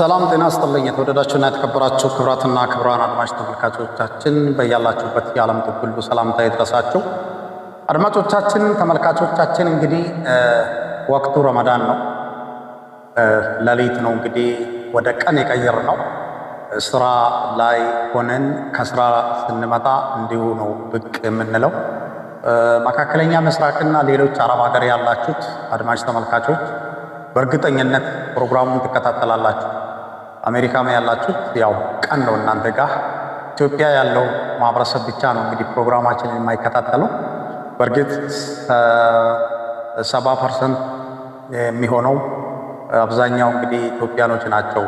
ሰላም ጤና ስጥልኝ። የተወደዳችሁና የተከበራችሁ ክብራትና ክብራን አድማጭ ተመልካቾቻችን በያላችሁበት የዓለም ጥግ ሁሉ ሰላምታ ይድረሳችሁ። አድማጮቻችን፣ ተመልካቾቻችን እንግዲህ ወቅቱ ረመዳን ነው፣ ሌሊት ነው እንግዲህ ወደ ቀን የቀየር ነው። ስራ ላይ ሆነን ከስራ ስንመጣ እንዲሁ ነው ብቅ የምንለው። መካከለኛ ምስራቅና ሌሎች አረብ ሀገር ያላችሁት አድማጭ ተመልካቾች በእርግጠኝነት ፕሮግራሙን ትከታተላላችሁ። አሜሪካ ያላችሁት ያው ቀን ነው እናንተ ጋር። ኢትዮጵያ ያለው ማህበረሰብ ብቻ ነው እንግዲህ ፕሮግራማችንን የማይከታተለው። በእርግጥ ሰባ ፐርሰንት የሚሆነው አብዛኛው እንግዲህ ኢትዮጵያኖች ናቸው።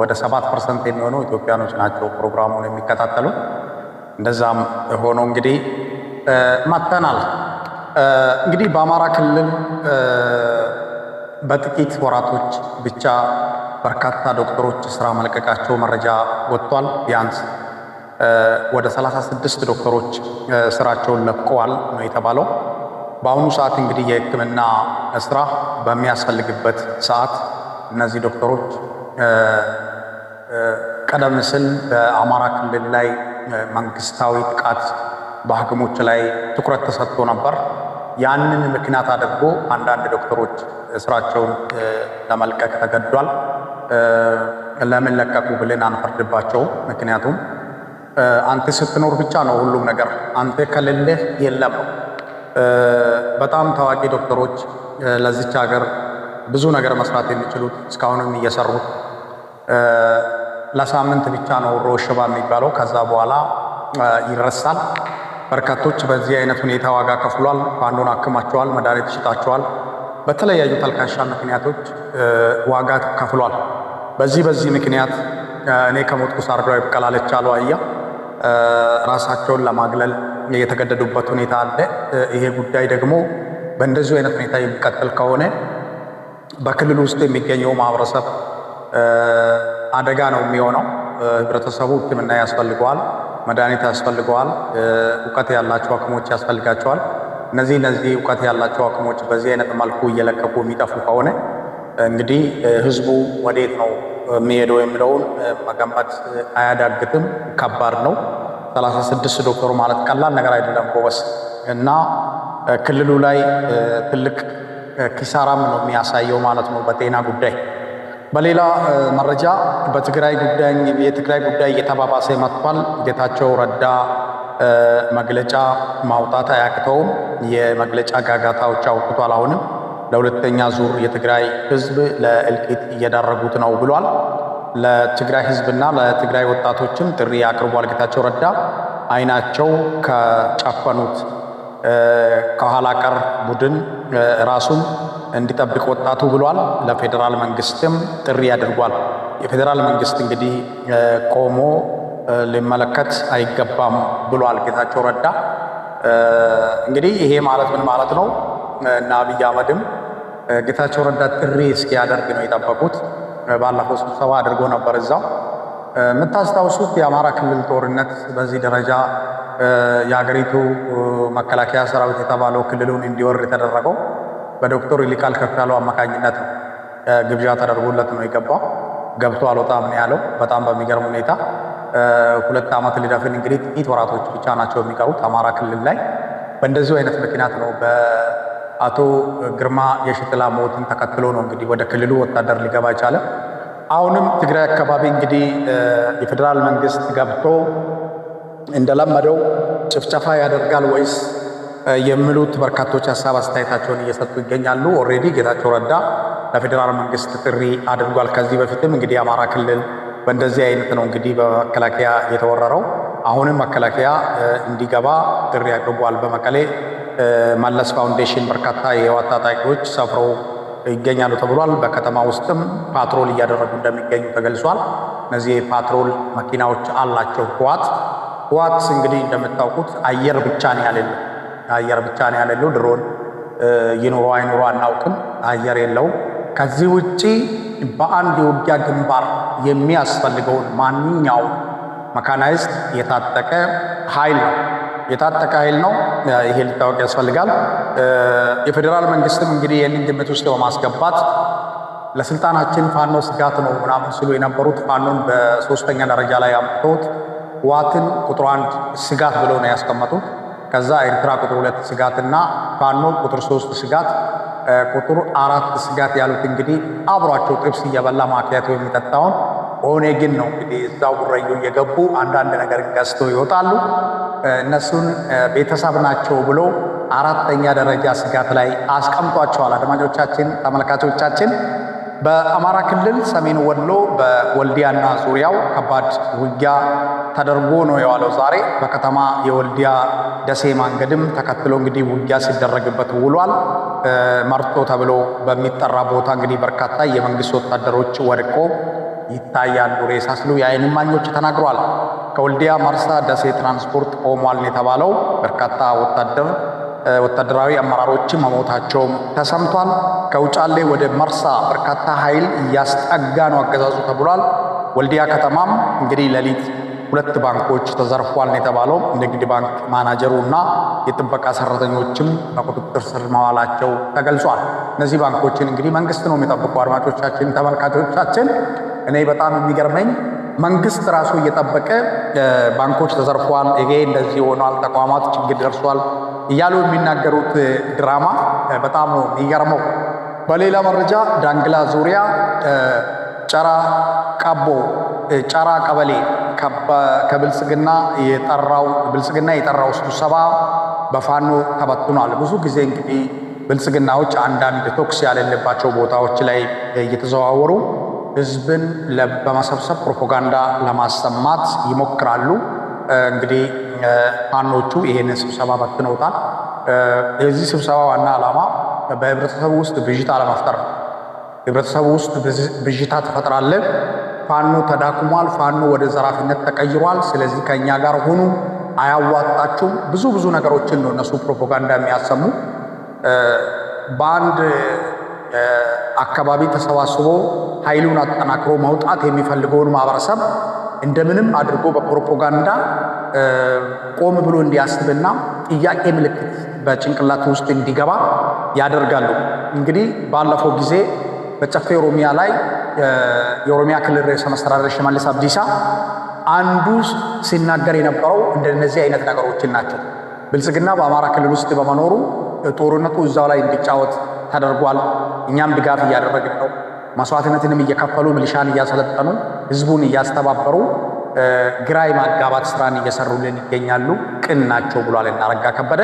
ወደ ሰባት ፐርሰንት የሚሆነው ኢትዮጵያኖች ናቸው ፕሮግራሙን የሚከታተሉ። እንደዛም ሆኖ እንግዲህ መጥተናል እንግዲህ በአማራ ክልል በጥቂት ወራቶች ብቻ በርካታ ዶክተሮች ስራ መልቀቃቸው መረጃ ወጥቷል። ቢያንስ ወደ 36 ዶክተሮች ስራቸውን ለቀዋል ነው የተባለው። በአሁኑ ሰዓት እንግዲህ የህክምና ስራ በሚያስፈልግበት ሰዓት እነዚህ ዶክተሮች ቀደም ሲል በአማራ ክልል ላይ መንግስታዊ ጥቃት በሐኪሞች ላይ ትኩረት ተሰጥቶ ነበር። ያንን ምክንያት አድርጎ አንዳንድ ዶክተሮች ስራቸውን ለመልቀቅ ተገዷል። ለምን ለቀቁ ብለን ምክንያቱም አንተ ስትኖር ብቻ ነው ሁሉም ነገር፣ አንተ ከሌለህ የለም በጣም ታዋቂ ዶክተሮች ለዚች ሀገር ብዙ ነገር መስራት የሚችሉት እስካሁንም እየሰሩት ለሳምንት ብቻ ነው ሮሽባ የሚባለው። ከዛ በኋላ ይረሳል። በርካቶች በዚህ አይነት ሁኔታ ዋጋ ከፍሏል። ባንዶን አክማቸዋል፣ መድኃኒት ሽጣቸዋል፣ በተለያዩ ተልካሻ ምክንያቶች ዋጋ ከፍሏል። በዚህ በዚህ ምክንያት እኔ ከሞትኩ ሳርዳው ይብቀላለች አሉ አያ ራሳቸውን ለማግለል የተገደዱበት ሁኔታ አለ። ይሄ ጉዳይ ደግሞ በእንደዚሁ አይነት ሁኔታ የሚቀጥል ከሆነ በክልሉ ውስጥ የሚገኘው ማህበረሰብ አደጋ ነው የሚሆነው። ህብረተሰቡ ህክምና ያስፈልገዋል። መድኃኒት ያስፈልገዋል፣ እውቀት ያላቸው ሐኪሞች ያስፈልጋቸዋል። እነዚህ እነዚህ እውቀት ያላቸው ሐኪሞች በዚህ አይነት መልኩ እየለቀቁ የሚጠፉ ከሆነ እንግዲህ ህዝቡ ወዴት ነው የሚሄደው የሚለውን መገመት አያዳግትም። ከባድ ነው። 36 ዶክተሩ ማለት ቀላል ነገር አይደለም ጎበስ እና ክልሉ ላይ ትልቅ ኪሳራም ነው የሚያሳየው ማለት ነው በጤና ጉዳይ በሌላ መረጃ በትግራይ ጉዳይ የትግራይ ጉዳይ እየተባባሰ መጥቷል። ጌታቸው ረዳ መግለጫ ማውጣት አያቅተውም። የመግለጫ ጋጋታዎች አውጥቷል። አሁንም ለሁለተኛ ዙር የትግራይ ህዝብ ለእልቂት እየዳረጉት ነው ብሏል። ለትግራይ ህዝብና ለትግራይ ወጣቶችም ጥሪ አቅርቧል። ጌታቸው ረዳ አይናቸው ከጨፈኑት ከኋላ ቀር ቡድን ራሱን እንዲጠብቅ ወጣቱ ብሏል። ለፌዴራል መንግስትም ጥሪ አድርጓል። የፌዴራል መንግስት እንግዲህ ቆሞ ሊመለከት አይገባም ብሏል ጌታቸው ረዳ። እንግዲህ ይሄ ማለት ምን ማለት ነው? እና አብይ አህመድም ጌታቸው ረዳ ጥሪ እስኪያደርግ ነው የጠበቁት። ባለፈው ስብሰባ አድርጎ ነበር እዛው። የምታስታውሱት የአማራ ክልል ጦርነት በዚህ ደረጃ የሀገሪቱ መከላከያ ሰራዊት የተባለው ክልሉን እንዲወር የተደረገው በዶክተር ይልቃል ከፍያለው አማካኝነት ግብዣ ተደርጎለት ነው የገባው። ገብቶ አልወጣም ነው ያለው። በጣም በሚገርም ሁኔታ ሁለት ዓመት ሊደፍን እንግዲህ ጥቂት ወራቶች ብቻ ናቸው የሚቀሩት አማራ ክልል ላይ በእንደዚሁ አይነት ምክንያት ነው በአቶ ግርማ የሽጥላ ሞትን ተከትሎ ነው እንግዲህ ወደ ክልሉ ወታደር ሊገባ ይቻለ። አሁንም ትግራይ አካባቢ እንግዲህ የፌዴራል መንግስት ገብቶ እንደለመደው ጭፍጨፋ ያደርጋል ወይስ የሚሉት በርካቶች ሀሳብ አስተያየታቸውን እየሰጡ ይገኛሉ። ኦልሬዲ ጌታቸው ረዳ ለፌዴራል መንግስት ጥሪ አድርጓል። ከዚህ በፊትም እንግዲህ አማራ ክልል በእንደዚህ አይነት ነው እንግዲህ በመከላከያ የተወረረው። አሁንም መከላከያ እንዲገባ ጥሪ አድርጓል። በመቀሌ መለስ ፋውንዴሽን በርካታ የህወሓት ታጣቂዎች ሰፍረው ይገኛሉ ተብሏል። በከተማ ውስጥም ፓትሮል እያደረጉ እንደሚገኙ ተገልጿል። እነዚህ የፓትሮል መኪናዎች አላቸው። ህወሓት ህወሓት እንግዲህ እንደምታውቁት አየር ብቻ ነው አየር ብቻ ነው ያለለው። ድሮን ይኑሮ አይኑሮ አናውቅም። አየር የለውም። ከዚህ ውጪ በአንድ የውጊያ ግንባር የሚያስፈልገውን ማንኛውም መካናይዝድ የታጠቀ ኃይል ነው የታጠቀ ኃይል ነው። ይሄ ሊታወቅ ያስፈልጋል። የፌዴራል መንግስትም እንግዲህ ይህንን ግምት ውስጥ በማስገባት ለስልጣናችን ፋኖ ስጋት ነው ምናምን ሲሉ የነበሩት ፋኖን በሶስተኛ ደረጃ ላይ አምጥቶት ዋትን ቁጥር አንድ ስጋት ብለው ነው ያስቀመጡት። ከዛ ኤርትራ ቁጥር ሁለት እና ፋኖ ቁጥር ሶስት ስጋት ቁጥር አራት ስጋት ያሉት እንግዲህ አብሯቸው ጥብስ እየበላ ማኪያቶ የሚጠጣውን ኦኔግን ነው እንግዲህ እዛው ጉረዩ እየገቡ አንዳንድ ነገር ገዝተው ይወጣሉ። እነሱን ቤተሰብ ናቸው ብሎ አራተኛ ደረጃ ስጋት ላይ አስቀምጧቸዋል። አድማጮቻችን፣ ተመልካቾቻችን በአማራ ክልል ሰሜን ወሎ በወልዲያና ዙሪያው ከባድ ውጊያ ተደርጎ ነው የዋለው። ዛሬ በከተማ የወልዲያ ደሴ ማንገድም ተከትሎ እንግዲህ ውጊያ ሲደረግበት ውሏል። መርቶ ተብሎ በሚጠራ ቦታ እንግዲህ በርካታ የመንግስት ወታደሮች ወድቆ ይታያሉ ሬሳ ሲሉ የዓይን እማኞች ተናግረዋል። ከወልዲያ መርሳ ደሴ ትራንስፖርት ቆሟል የተባለው በርካታ ወታደር ወታደራዊ አመራሮች መሞታቸውም ተሰምቷል። ከውጫሌ ወደ መርሳ በርካታ ኃይል እያስጠጋ ነው አገዛዙ ተብሏል። ወልዲያ ከተማም እንግዲህ ሌሊት ሁለት ባንኮች ተዘርፏል የተባለው ንግድ ባንክ ማናጀሩ እና የጥበቃ ሰራተኞችም በቁጥጥር ስር መዋላቸው ተገልጿል። እነዚህ ባንኮችን እንግዲህ መንግስት ነው የሚጠብቁ። አድማጮቻችን፣ ተመልካቾቻችን እኔ በጣም የሚገርመኝ መንግስት ራሱ እየጠበቀ ባንኮች ተዘርፏል፣ ይሄ እንደዚህ ሆኗል፣ ተቋማት ችግር ደርሷል እያሉ የሚናገሩት ድራማ በጣም ነው የሚገርመው። በሌላ መረጃ ዳንግላ ዙሪያ ጨራ ቀቦ ጨራ ቀበሌ ከብልጽግና የጠራው ብልጽግና የጠራው ስብሰባ በፋኖ ተበትኗል። ብዙ ጊዜ እንግዲህ ብልጽግናዎች አንዳንድ ቶክስ ያለለባቸው ቦታዎች ላይ እየተዘዋወሩ ህዝብን በመሰብሰብ ፕሮፓጋንዳ ለማሰማት ይሞክራሉ። እንግዲህ ፋኖቹ ይሄንን ስብሰባ በትነውታል። የዚህ ስብሰባ ዋና ዓላማ በህብረተሰቡ ውስጥ ብዥታ ለመፍጠር ነው። ህብረተሰቡ ውስጥ ብዥታ ትፈጥራለህ። ፋኖ ተዳክሟል፣ ፋኖ ወደ ዘራፊነት ተቀይሯል፣ ስለዚህ ከእኛ ጋር ሆኑ አያዋጣችሁም፣ ብዙ ብዙ ነገሮችን ነው እነሱ ፕሮፓጋንዳ የሚያሰሙ በአንድ አካባቢ ተሰባስቦ ኃይሉን አጠናክሮ መውጣት የሚፈልገውን ማህበረሰብ እንደምንም አድርጎ በፕሮፓጋንዳ ቆም ብሎ እንዲያስብና ጥያቄ ምልክት በጭንቅላት ውስጥ እንዲገባ ያደርጋሉ። እንግዲህ ባለፈው ጊዜ በጨፌ ኦሮሚያ ላይ የኦሮሚያ ክልል ርዕሰ መስተዳደር ሽመልስ አብዲሳ አንዱ ሲናገር የነበረው እንደነዚህ አይነት ነገሮችን ናቸው። ብልጽግና በአማራ ክልል ውስጥ በመኖሩ ጦርነቱ እዛው ላይ እንዲጫወት ተደርጓል። እኛም ድጋፍ እያደረግን ነው። መስዋዕትነትንም እየከፈሉ ሚሊሻን እያሰለጠኑ ህዝቡን እያስተባበሩ ግራይ ማጋባት ስራን እየሰሩልን ይገኛሉ። ቅን ናቸው ብሏል እናረጋ ከበደ።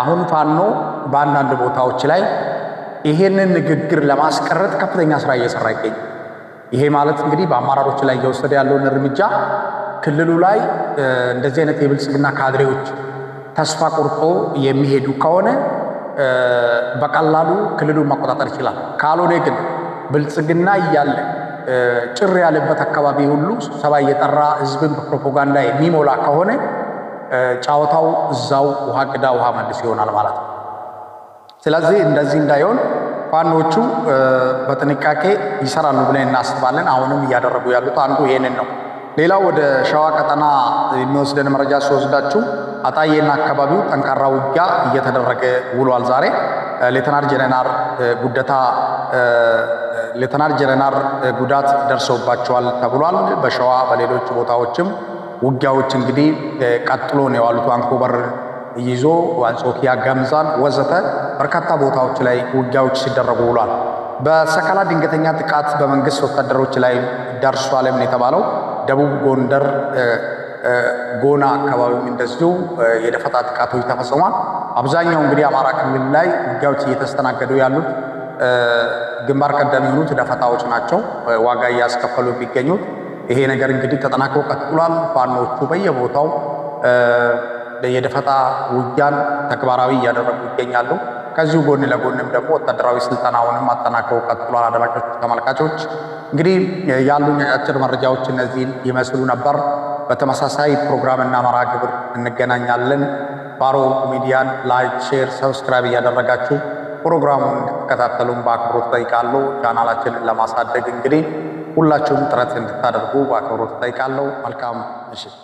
አሁን ፋኖ በአንዳንድ ቦታዎች ላይ ይሄንን ንግግር ለማስቀረት ከፍተኛ ስራ እየሰራ ይገኛል። ይሄ ማለት እንግዲህ በአመራሮች ላይ እየወሰደ ያለውን እርምጃ ክልሉ ላይ እንደዚህ አይነት የብልጽግና ካድሬዎች ተስፋ ቆርጦ የሚሄዱ ከሆነ በቀላሉ ክልሉን መቆጣጠር ይችላል። ካልሆነ ግን ብልጽግና እያለ ጭር ያለበት አካባቢ ሁሉ ስብሰባ እየጠራ ህዝብን በፕሮፓጋንዳ የሚሞላ ከሆነ ጫወታው እዛው ውሃ ቅዳ ውሃ መልስ ይሆናል ማለት ነው። ስለዚህ እንደዚህ እንዳይሆን ፋኖቹ በጥንቃቄ ይሰራሉ ብለን እናስባለን። አሁንም እያደረጉ ያሉት አንዱ ይሄንን ነው። ሌላው ወደ ሸዋ ቀጠና የሚወስደን መረጃ ሲወስዳችሁ አጣዬና አካባቢው ጠንካራ ውጊያ እየተደረገ ውሏል። ዛሬ ሌተናል ጀነራል ጉደታ ሌተናል ጀነራል ጉዳት ደርሶባቸዋል ተብሏል። በሸዋ በሌሎች ቦታዎችም ውጊያዎች እንግዲህ ቀጥሎ ነው የዋሉት። አንኮበር ይዞ አንጾኪያ፣ ገምዛን ወዘተ በርካታ ቦታዎች ላይ ውጊያዎች ሲደረጉ ውሏል። በሰከላ ድንገተኛ ጥቃት በመንግስት ወታደሮች ላይ ደርሷል የተባለው ደቡብ ጎንደር ጎና አካባቢም እንደዚሁ የደፈጣ ጥቃቶች ተፈጽሟል። አብዛኛው እንግዲህ አማራ ክልል ላይ ውጊያዎች እየተስተናገዱ ያሉት ግንባር ቀደም የሆኑት ደፈጣዎች ናቸው፣ ዋጋ እያስከፈሉ የሚገኙት። ይሄ ነገር እንግዲህ ተጠናክሮ ቀጥሏል። ፋኖቹ በየቦታው የደፈጣ ውጊያን ተግባራዊ እያደረጉ ይገኛሉ። ከዚሁ ጎን ለጎንም ደግሞ ወታደራዊ ስልጠናውንም አጠናክሮ ቀጥሏል። አድማጮች ተመልካቾች፣ እንግዲህ ያሉ አጫጭር መረጃዎች እነዚህን ይመስሉ ነበር። በተመሳሳይ ፕሮግራምና መርሃ ግብር እንገናኛለን። ባሮ ሚዲያን ላይክ፣ ሼር፣ ሰብስክራይብ እያደረጋችሁ ፕሮግራሙን እንድትከታተሉም በአክብሮት ጠይቃለሁ። ቻናላችንን ለማሳደግ እንግዲህ ሁላችሁም ጥረት እንድታደርጉ በአክብሮት ጠይቃለሁ። መልካም ምሽት።